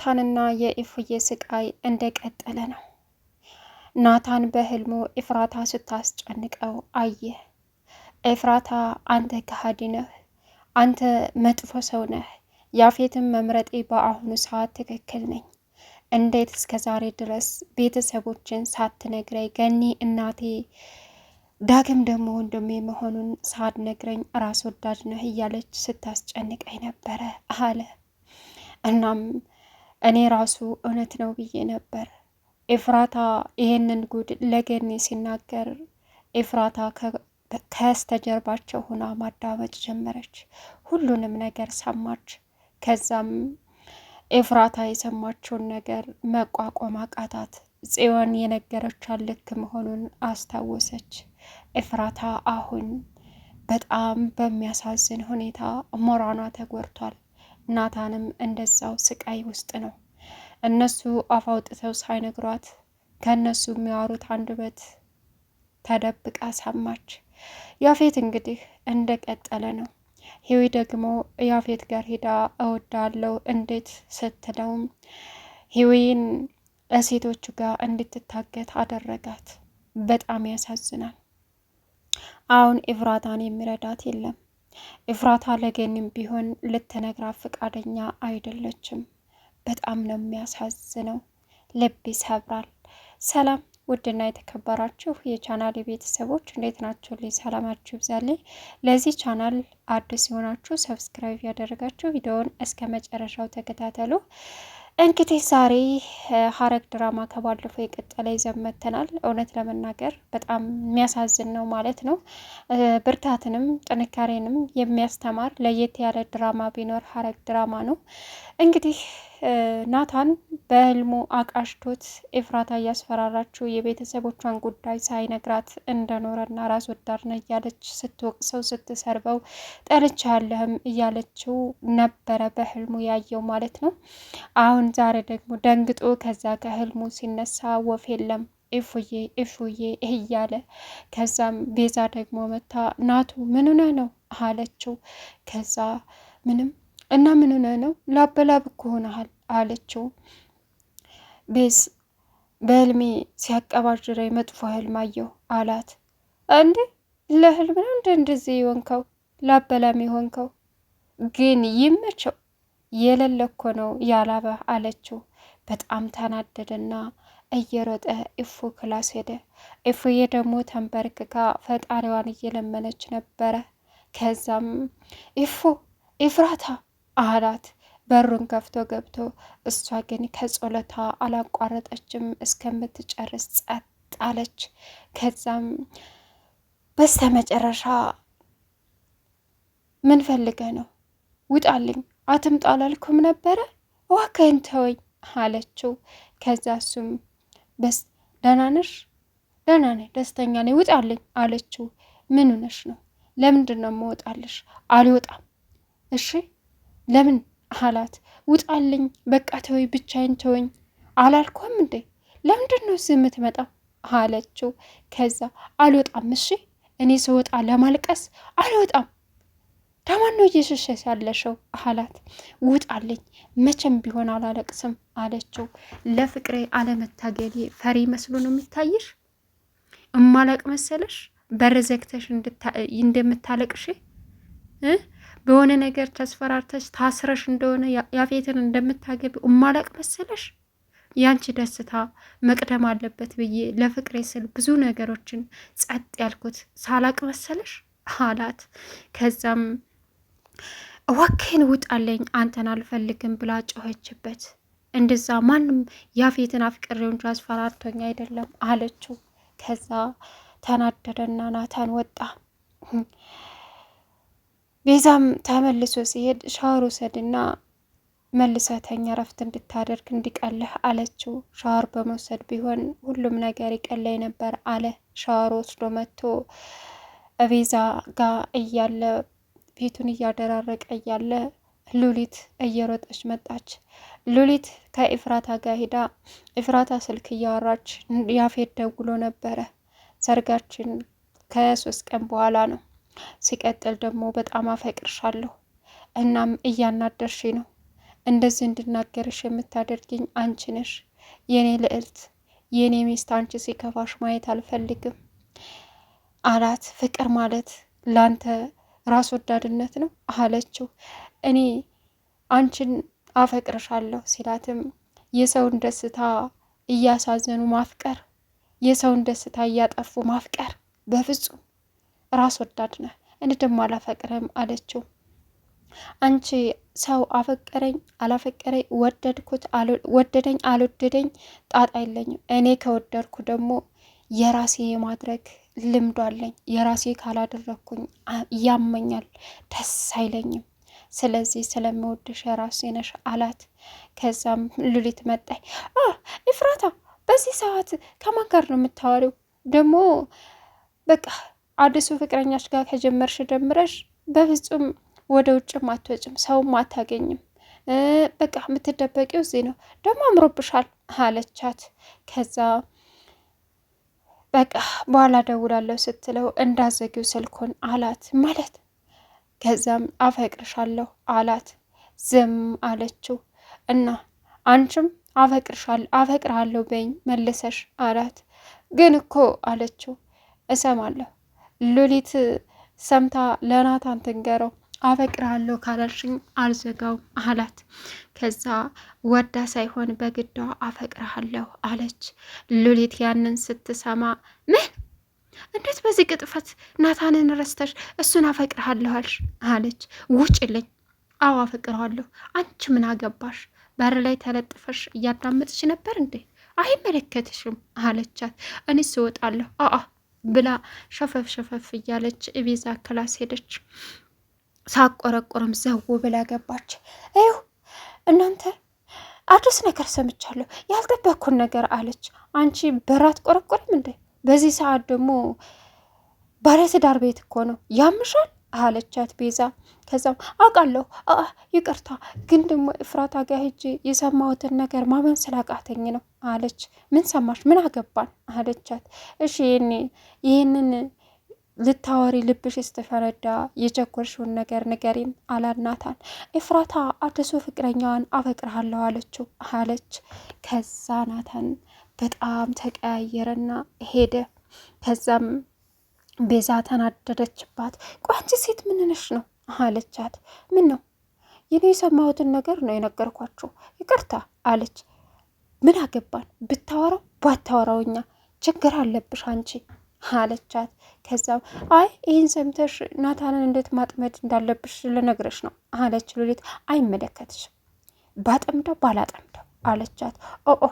የናታንና የኢፉዬ ስቃይ እንደቀጠለ ነው። ናታን በህልሙ ኢፍራታ ስታስጨንቀው አየ። ኤፍራታ አንተ ከሃዲ ነህ፣ አንተ መጥፎ ሰው ነህ። ያፌትን መምረጤ በአሁኑ ሰዓት ትክክል ነኝ። እንዴት እስከ ዛሬ ድረስ ቤተሰቦችን ሳትነግረኝ ገኒ እናቴ ዳግም ደግሞ ወንድሜ መሆኑን ሳትነግረኝ ራስ ወዳድ ነህ እያለች ስታስጨንቀኝ ነበረ አለ። እናም እኔ ራሱ እውነት ነው ብዬ ነበር። ኤፍራታ ይህንን ጉድ ለገኒ ሲናገር ኤፍራታ ከስተጀርባቸው ሆና ማዳመጥ ጀመረች። ሁሉንም ነገር ሰማች። ከዛም ኤፍራታ የሰማችውን ነገር መቋቋም አቃታት። ጽዮን የነገረቻት ልክ መሆኑን አስታወሰች። ኤፍራታ አሁን በጣም በሚያሳዝን ሁኔታ ሞራኗ ተጎድቷል። ናታንም እንደዛው ስቃይ ውስጥ ነው። እነሱ አፍ አውጥተው ሳይነግሯት ከእነሱ የሚያወሩት አንደበት ተደብቃ ሰማች። ያፌት እንግዲህ እንደቀጠለ ነው። ሂዊ ደግሞ ያፌት ጋር ሄዳ እወዳለው እንዴት ስትለውም ሂዊን እሴቶቹ ጋር እንድትታገት አደረጋት። በጣም ያሳዝናል። አሁን ኢቭራታን የሚረዳት የለም። ኤፍራታ ለገኒም ቢሆን ልትነግራ ፍቃደኛ አይደለችም። በጣም ነው የሚያሳዝነው፣ ልብ ይሰብራል። ሰላም ውድና የተከበራችሁ የቻናል ቤተሰቦች እንዴት ናችሁ? ልኝ ሰላማችሁ ይብዛልኝ። ለዚህ ቻናል አዲስ የሆናችሁ ሰብስክራይብ ያደረጋችሁ ቪዲዮውን እስከ መጨረሻው ተከታተሉ። እንግዲህ ዛሬ ሐረግ ድራማ ከባለፈው የቀጠለ ይዘን እውነት ለመናገር በጣም የሚያሳዝን ነው ማለት ነው። ብርታትንም ጥንካሬንም የሚያስተማር ለየት ያለ ድራማ ቢኖር ሐረግ ድራማ ነው እንግዲህ ናታን በህልሙ አቃሽቶት ኤፍራታ እያስፈራራችው የቤተሰቦቿን ጉዳይ ሳይነግራት እንደኖረና ራስ ወዳድ ነ እያለች ስትወቅሰው ስትሰርበው ጠልቻለህም እያለችው ነበረ በህልሙ ያየው ማለት ነው። አሁን ዛሬ ደግሞ ደንግጦ ከዛ ከህልሙ ሲነሳ ወፍ የለም ኢፉዬ ኢፉዬ እያለ ከዛም ቤዛ ደግሞ መታ ናቱ ምንነ ነው አለችው። ከዛ ምንም እና ምን ነው ላበላብ እኮ አለችው። ቤዝ በህልሜ ሲያቀባጅረኝ መጥፎ ህልም አየሁ አላት። እንዴ ለህልም ነው እንደ እንደዚህ የሆንከው ላበላም የሆንከው ግን ይመቸው የሌለ እኮ ነው ያላበ አለችው። በጣም ተናደደና እየሮጠ ኢፉ ክላስ ሄደ። ኢፉዬ ደግሞ ተንበርክካ ፈጣሪዋን እየለመነች ነበረ። ከዛም ኢፉ ኢፍራታ አላት። በሩን ከፍቶ ገብቶ እሷ ግን ከጸሎታ አላቋረጠችም፣ እስከምትጨርስ ጸጥ አለች። ከዛም በስተ መጨረሻ ምን ፈልገ ነው? ውጣልኝ፣ አትምጣ አላልኩም ነበረ? እባክህን ተወኝ አለችው። ከዛ እሱም በስ ደህና ነሽ? ደህና ነኝ፣ ደስተኛ ነኝ፣ ውጣልኝ አለችው። ምን ነሽ ነው? ለምንድን ነው የምወጣልሽ? አልወጣም። እሺ ለምን አላት። ውጣልኝ፣ በቃ ተወኝ፣ ብቻዬን ተወኝ አላልኳም እንዴ? ለምንድን ነው እዚህ የምትመጣው? አለችው። ከዛ አልወጣም፣ እሺ እኔ ስወጣ ለማልቀስ አልወጣም። ታማን ነው እየሸሸ ያለሽው አላት። ውጣልኝ፣ መቼም ቢሆን አላለቅስም አለችው። ለፍቅሬ አለመታገሌ ፈሪ መስሎ ነው የሚታይሽ? እማለቅ መሰለሽ? በር ዘግተሽ እንደምታለቅሽ በሆነ ነገር ተስፈራርተሽ ታስረሽ እንደሆነ ያፌትን እንደምታገቢ እማላቅ መሰለሽ? ያንቺ ደስታ መቅደም አለበት ብዬ ለፍቅሬ ስል ብዙ ነገሮችን ጸጥ ያልኩት ሳላቅ መሰለሽ አላት። ከዛም እዋካይን ውጣለኝ፣ አንተን አልፈልግም ብላ ጮኸችበት። እንደዛ ማንም ያፌትን አፍቅሬው እንጂ አስፈራርቶኝ አይደለም አለችው። ከዛ ተናደደና ናታን ወጣ። ቤዛም ተመልሶ ሲሄድ ሻወር ውሰድና መልሰተኛ ረፍት እንድታደርግ እንዲቀልህ አለችው። ሻወር በመውሰድ ቢሆን ሁሉም ነገር ይቀለይ ነበር አለ። ሻወር ወስዶ መጥቶ ቤዛ ጋ እያለ ፊቱን እያደራረቀ እያለ ሉሊት እየሮጠች መጣች። ሉሊት ከኢፍራታ ጋ ሂዳ ኢፍራታ ስልክ እያወራች ያፌት ደውሎ ነበረ። ሰርጋችን ከሶስት ቀን በኋላ ነው ሲቀጥል ደግሞ በጣም አፈቅርሻለሁ። እናም እያናደርሽ ነው። እንደዚህ እንድናገርሽ የምታደርግኝ አንቺ ነሽ። የኔ ልዕልት፣ የኔ ሚስት፣ አንቺ ሲከፋሽ ማየት አልፈልግም አላት። ፍቅር ማለት ላንተ ራስ ወዳድነት ነው አለችው። እኔ አንቺን አፈቅርሻለሁ ሲላትም የሰውን ደስታ እያሳዘኑ ማፍቀር፣ የሰውን ደስታ እያጠፉ ማፍቀር በፍጹም ራስ ወዳድ ነህ፣ እኔ ደግሞ አላፈቅርህም አለችው። አንቺ ሰው አፈቀረኝ አላፈቀረኝ፣ ወደድኩት ወደደኝ አልወደደኝ ጣጣ የለኝም። እኔ ከወደድኩ ደግሞ የራሴ የማድረግ ልምዱ አለኝ። የራሴ ካላደረግኩኝ ያመኛል፣ ደስ አይለኝም። ስለዚህ ስለምወድሽ የራሴ ነሽ አላት። ከዛም ሉሊት መጣይ ኤፍራታ፣ በዚህ ሰዓት ከማን ጋር ነው የምታወሪው? ደግሞ በቃ አዲሱ ፍቅረኛሽ ጋር ከጀመርሽ ጀምረሽ በፍጹም ወደ ውጭም አትወጭም፣ ሰውም አታገኝም። በቃ የምትደበቂው እዚህ ነው፣ ደግሞ አምሮብሻል አለቻት። ከዛ በቃ በኋላ ደውላለሁ ስትለው እንዳዘጊው ስልኩን አላት ማለት ከዛም አፈቅርሻለሁ አላት። ዝም አለችው እና አንቺም አፈቅርሻል አፈቅርሃለሁ በኝ መልሰሽ አላት። ግን እኮ አለችው እሰማለሁ ሉሊት ሰምታ ለናታን ትንገረው። አፈቅርሃለሁ ካላልሽኝ አልዘጋውም አላት። ከዛ ወዳ ሳይሆን በግዷ አፈቅርሃለሁ አለች። ሉሊት ያንን ስትሰማ ምን እንዴት በዚህ ቅጥፈት ናታንን ረስተሽ እሱን አፈቅርሃለሁ አልሽ? አለች። ውጭልኝ። አዎ አፈቅርሃለሁ። አንቺ ምን አገባሽ? በር ላይ ተለጥፈሽ እያዳመጥሽ ነበር እንዴ? አይመለከትሽም አለቻት። እኔ ስወጣለሁ። አ ብላ ሸፈፍ ሸፈፍ እያለች ቤዛ ክላስ ሄደች። ሳቆረቆርም ዘው ብላ ገባች። ይሁ እናንተ አዲስ ነገር ሰምቻለሁ ያልጠበኩን ነገር አለች። አንቺ በራት ቆረቆርም እንዴ? በዚህ ሰዓት ደግሞ ባለትዳር ቤት እኮ ነው ያምሻል አለቻት ቤዛ። ከዛም አውቃለሁ ይቅርታ፣ ግን ደግሞ ኤፍራታ ጋ ሂጅ የሰማሁትን ነገር ማመን ስላቃተኝ ነው አለች። ምን ሰማሽ? ምን አገባን አለቻት። እሺ ይህንን ልታወሪ ልብሽ ስትፈረዳ የቸኮልሽውን ነገር ንገሪን አላት ናታን። ኤፍራታ አዲሱ ፍቅረኛዋን አፈቅርሃለሁ አለችው አለች። ከዛ ናታን በጣም ተቀያየረና ሄደ። ከዛም ቤዛ ተናደደችባት። ቋንጭ ሴት ምንንሽ ነው አለቻት። ምን ነው የኔ የሰማሁትን ነገር ነው የነገርኳችሁ፣ ይቅርታ አለች። ምን አገባን ብታወራው ባታወራው ችግር አለብሽ አንቺ አለቻት። ከዛም አይ ይህን ሰምተሽ ናታንን እንዴት ማጥመድ እንዳለብሽ ልነግርሽ ነው አለች ሉሊት። አይመለከትሽም ባጠምደው ባላጠምደው አለቻት። ኦ ኦ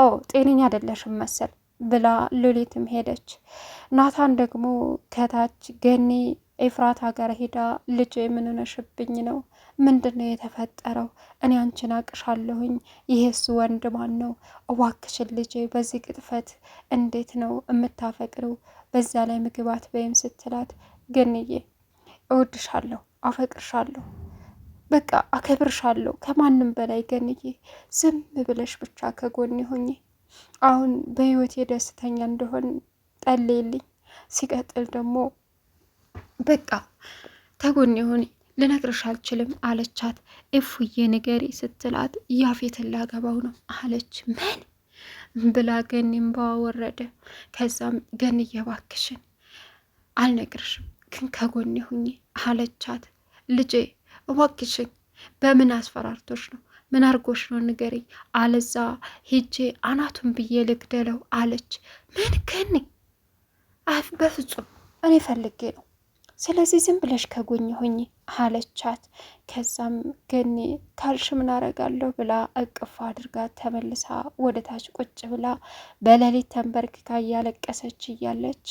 ኦ ጤነኛ አይደለሽም መሰል ብላ ሉሊትም ሄደች። ናታን ደግሞ ከታች ገኒ ኤፍራት ሀገር ሄዳ ልጅ የምንነሽብኝ ነው ምንድን ነው የተፈጠረው? እኔ አንቺን አቅሻለሁኝ። ይሄስ ወንድ ማን ነው? እዋክሽን ልጄ በዚህ ቅጥፈት እንዴት ነው የምታፈቅሪው? በዛ ላይ ምግባት በይም ስትላት ገንዬ እወድሻለሁ፣ አፈቅርሻለሁ፣ በቃ አከብርሻለሁ ከማንም በላይ ገንዬ፣ ዝም ብለሽ ብቻ ከጎን ሆኜ አሁን በህይወቴ ደስተኛ እንደሆን ጠልልኝ። ሲቀጥል ደግሞ በቃ ተጎን ሆኒ ልነግርሽ አልችልም አለቻት። እፉዬ ንገሪ ስትላት ያፌትን ላገባው ነው አለች። ምን ብላ ገኒ እምባዋ ወረደ። ከዛም ገን እየባክሽን አልነግርሽም ግን ከጎን ሁኝ አለቻት። ልጄ እባክሽን በምን አስፈራርቶች ነው ምን አርጎሽ ነው ንገሪ፣ አለዛ ሄጄ አናቱን ብዬ ልግደለው አለች። ምን ከኒ በፍጹም እኔ ፈልጌ ነው። ስለዚህ ዝም ብለሽ ከጎኝ ሆኝ አለቻት። ከዛም ገኒ ካልሽ ምን አረጋለሁ ብላ እቅፍ አድርጋ ተመልሳ ወደ ታች ቁጭ ብላ በሌሊት ተንበርክካ እያለቀሰች እያለች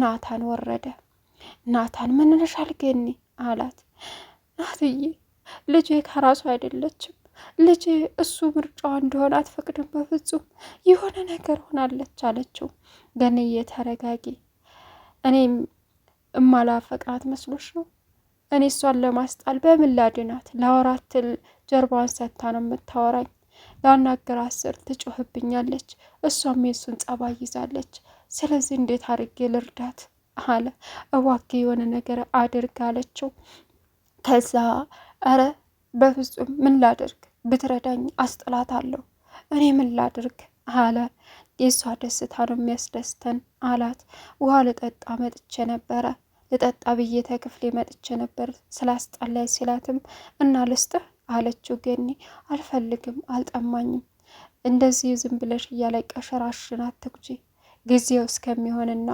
ናታን ወረደ። ናታን ምንነሻል ገኒ አላት። ናትዬ ልጄ ከራሱ አይደለችም ልጄ እሱ ምርጫዋ እንደሆነ አትፈቅድም፣ በፍጹም የሆነ ነገር ሆናለች አለችው። ገንዬ ተረጋጊ፣ እኔም እማላፈቅራት መስሎች ነው? እኔ እሷን ለማስጣል በምን ላድናት? ለወራትል ጀርባዋን ሰታ ነው የምታወራኝ። ላናግራት አስር ትጮህብኛለች። እሷም የሱን ጸባይ ይዛለች። ስለዚህ እንዴት አድርጌ ልርዳት አለ። እዋጌ የሆነ ነገር አድርግ አለችው። ከዛ ኧረ በፍጹም ምን ላደርግ ብትረዳኝ አስጥላታለሁ እኔ ምን ላድርግ አለ። የእሷ ደስታ ነው የሚያስደስተን አላት። ውሃ ልጠጣ መጥቼ ነበረ ልጠጣ ብዬ ተክፍሌ መጥቼ ነበር ስላስጠላይ ሲላትም እና ልስጥህ አለችው። ገኒ አልፈልግም፣ አልጠማኝም። እንደዚህ ዝም ብለሽ እያለቀሽ ራሽን አትጉጂ። ጊዜው እስከሚሆንና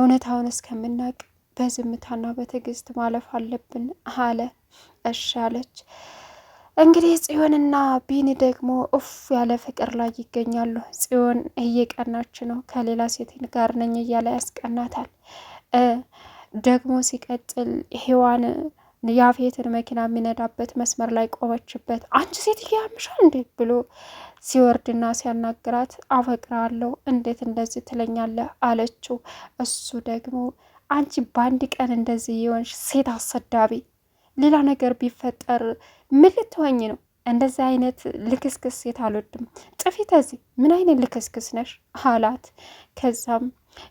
እውነታውን እስከምናቅ በዝምታና በትዕግስት ማለፍ አለብን አለ። እሺ አለች። እንግዲህ ጽዮንና ቢኒ ደግሞ እፍ ያለ ፍቅር ላይ ይገኛሉ። ጽዮን እየቀናች ነው፣ ከሌላ ሴት ጋር ነኝ እያለ ያስቀናታል። ደግሞ ሲቀጥል ሔዋን ያፌትን መኪና የሚነዳበት መስመር ላይ ቆመችበት። አንቺ ሴት ያምሻል እንዴ ብሎ ሲወርድና ሲያናግራት አፈቅራለሁ እንዴት እንደዚህ ትለኛለህ አለችው። እሱ ደግሞ አንቺ በአንድ ቀን እንደዚህ የሆንሽ ሴት አሰዳቢ ሌላ ነገር ቢፈጠር ምን ልትሆኝ ነው? እንደዚህ አይነት ልክስክስ ሴት አልወድም። ጥፊ ተዚህ ምን አይነት ልክስክስ ነሽ አላት። ከዛም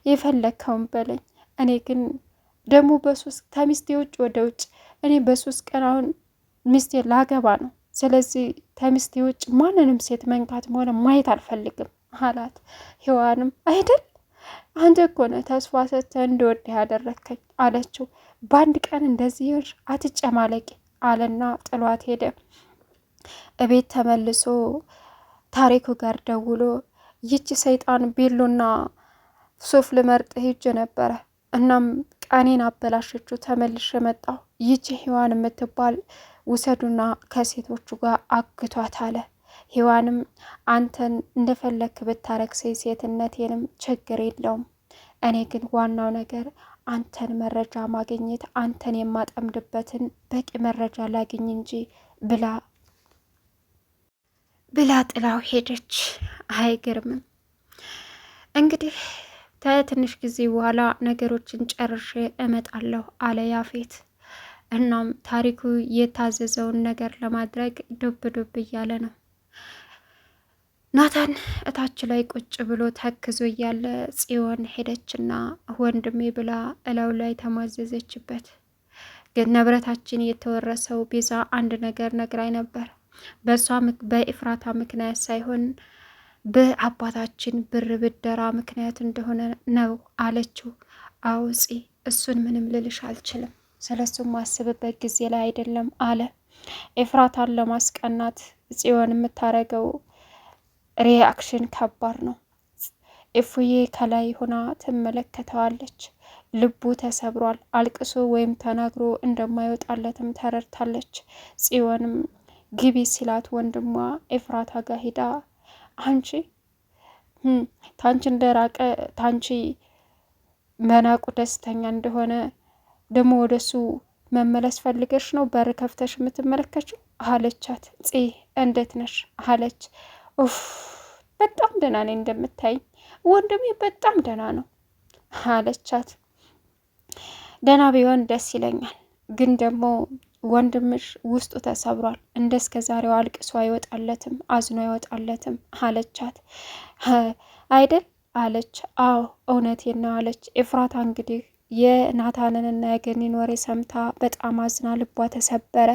የፈለግከውን በለኝ፣ እኔ ግን ደግሞ በሶስት ከሚስቴ ውጭ ወደ ውጭ እኔ በሶስት ቀን አሁን ሚስቴ ላገባ ነው። ስለዚህ ከሚስቴ ውጭ ማንንም ሴት መንካት መሆነ ማየት አልፈልግም አላት። ሔዋንም አይደል አንተ እኮ ነህ ተስፋ ሰጥተህ እንደወድ ያደረግከኝ አለችው። በአንድ ቀን እንደዚህ አትጨማለቂ አለና ጥሏት ሄደ። እቤት ተመልሶ ታሪኩ ጋር ደውሎ ይቺ ሰይጣን ቢሉና ሱፍ ልመርጥ ሄጄ ነበረ። እናም ቀኔን አበላሸችው፣ ተመልሼ መጣሁ። ይቺ ሔዋን የምትባል ውሰዱና ከሴቶቹ ጋር አግቷት አለ። ሔዋንም አንተን እንደፈለክ ሴትነት ሴትነቴንም ችግር የለውም። እኔ ግን ዋናው ነገር አንተን መረጃ ማግኘት አንተን የማጠምድበትን በቂ መረጃ ላግኝ እንጂ ብላ ብላ ጥላው ሄደች። አይገርምም እንግዲህ ከትንሽ ጊዜ በኋላ ነገሮችን ጨርሼ እመጣለሁ አለ ያፌት። እናም ታሪኩ የታዘዘውን ነገር ለማድረግ ዱብ ዱብ እያለ ነው። ናታን እታች ላይ ቁጭ ብሎ ተክዞ እያለ ጽዮን ሄደችና ወንድሜ ብላ እላው ላይ ተሟዘዘችበት። ግን ንብረታችን የተወረሰው ቤዛ አንድ ነገር ነግራኝ ነበር። በእሷ በኢፍራታ ምክንያት ሳይሆን በአባታችን ብር ብደራ ምክንያት እንደሆነ ነው አለችው። አውፂ እሱን ምንም ልልሽ አልችልም፣ ስለሱም ማስብበት ጊዜ ላይ አይደለም አለ ኤፍራታን ለማስቀናት ጽዮን የምታረገው ሪያክሽን ከባድ ነው። እፉዬ ከላይ ሆና ትመለከተዋለች። ልቡ ተሰብሯል። አልቅሶ ወይም ተናግሮ እንደማይወጣለትም ተረድታለች። ጽዮንም ግቢ ሲላት ወንድሟ ኤፍራታ ጋር ሂዳ አንቺ ታንቺ እንደራቀ ታንቺ መናቁ ደስተኛ እንደሆነ ደግሞ ወደሱ መመለስ ፈልገሽ ነው በር ከፍተሽ የምትመለከችው አለቻት። ጽ እንዴት ነሽ አለች። በጣም ደህና ነኝ እንደምታይ፣ ወንድሜ በጣም ደህና ነው አለቻት። ደህና ቢሆን ደስ ይለኛል፣ ግን ደግሞ ወንድምሽ ውስጡ ተሰብሯል። እንደ እስከ ዛሬው አልቅሶ አይወጣለትም፣ አዝኖ አይወጣለትም አለቻት። አይደል አለች። አዎ እውነቴ ነው አለች። ኤፍራታ እንግዲህ የናታንንና የገኒን ወሬ ሰምታ በጣም አዝና ልቧ ተሰበረ።